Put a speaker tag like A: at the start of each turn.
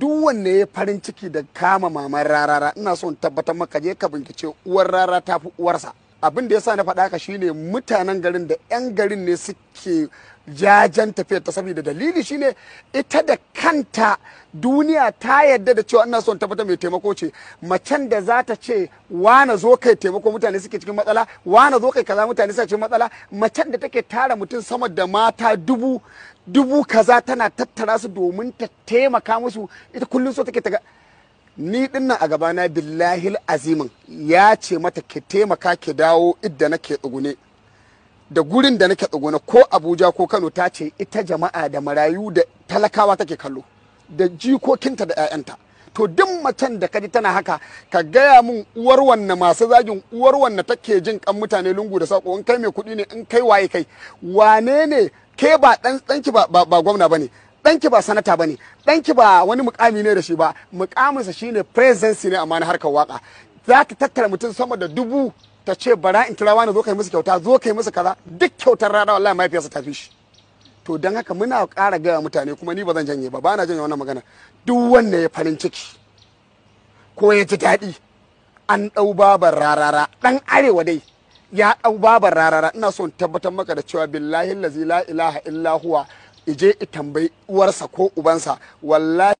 A: duk wanne ya farin ciki da kama maman rarara ina son tabbatar maka je ka bincike uwar rara ta fi uwarsa abin da ya sa na faɗa ka shine mutanen garin da 'yan garin ne suke jajen tafiyar ta saboda dalili shine ita da kanta duniya ta yadda da cewa ina son tabbata mai taimako ce macen da za ta ce wana zo kai taimako mutane suke cikin matsala wana zo kai kaza mutane suke cikin matsala macen da take tara mutum sama da mata dubu dubu kaza tana tattara su domin ta taimaka musu ita kullum so take ta ni dinnan a gabana billahi azimin ya ce mata ke taimaka ke dawo idda nake tsugune da gurin da nake tsugune ko abuja ko kano ta ce ita jama'a da marayu da talakawa take kallo da jikokinta da 'ya'yanta to duk macen da kaji tana haka ka gaya min uwar wanne masu zagin uwar wanne take jin kan mutane lungu da sako in kai mai kuɗi ne in kai waye kai wane ne ke ba dan danki ba ba gwamna bane ɗanki ba sanata ba ne ɗanki ba wani mukami ne da shi ba mukaminsa shine presence ne amma na harkar waka za ta tattara mutum sama da dubu ta ce bara in kira wani zo kai musu kyauta zo kai musu kaza duk kyautar rana wallahi mahaifiyarsa ta fi shi to don haka muna ƙara gaya mutane kuma ni ba zan janye ba bana na janye wannan magana duk wanda ya farin ciki ko ya ji daɗi an ɗau babar rarara ɗan arewa dai ya ɗau babar rarara ina son tabbatar maka da cewa billahi lazi la ilaha illa huwa je i tambayi uwarsa ko ubansa wallahi